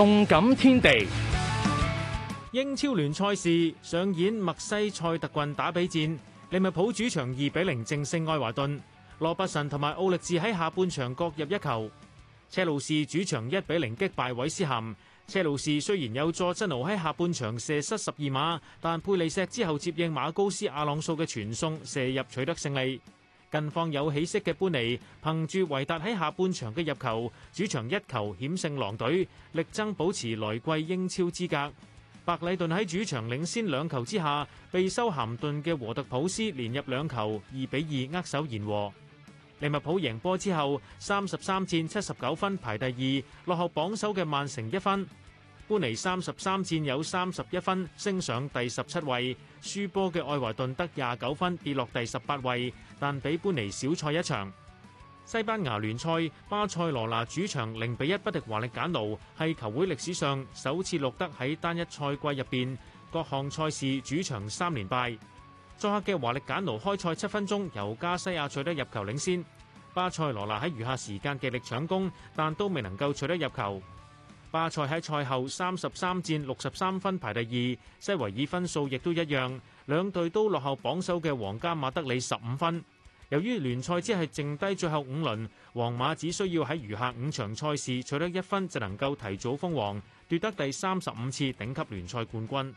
動感天地，英超聯賽事上演，默西塞特郡打比戰，利物浦主場二比零淨勝愛華頓，羅拔臣同埋奧歷治喺下半場各入一球。車路士主場一比零擊敗韋斯咸，車路士雖然有佐真奴喺下半場射失十二碼，但佩利錫之後接應馬高斯阿朗素嘅傳送射入，取得勝利。近況有起色嘅般尼，憑住維達喺下半場嘅入球，主場一球險勝狼隊，力爭保持來季英超資格。白禮頓喺主場領先兩球之下，被修咸頓嘅和特普斯連入兩球，二比二握手言和。利物浦贏波之後，三十三戰七十九分排第二，落後榜首嘅曼城一分。般尼三十三戰有三十一分，升上第十七位。輸波嘅愛華頓得廿九分，跌落第十八位，但比般尼少賽一場。西班牙聯賽，巴塞羅那主場零比一不敵華力簡奴，係球會歷史上首次錄得喺單一賽季入邊各項賽事主場三連敗。作客嘅華力簡奴開賽七分鐘，由加西亞取得入球領先。巴塞羅那喺餘下時間極力搶攻，但都未能夠取得入球。巴塞喺賽後三十三戰六十三分排第二，西維爾分數亦都一樣，兩隊都落後榜首嘅皇家馬德里十五分。由於聯賽只係剩低最後五輪，皇馬只需要喺餘下五場賽事取得一分就能夠提早封王，奪得第三十五次頂級聯賽冠軍。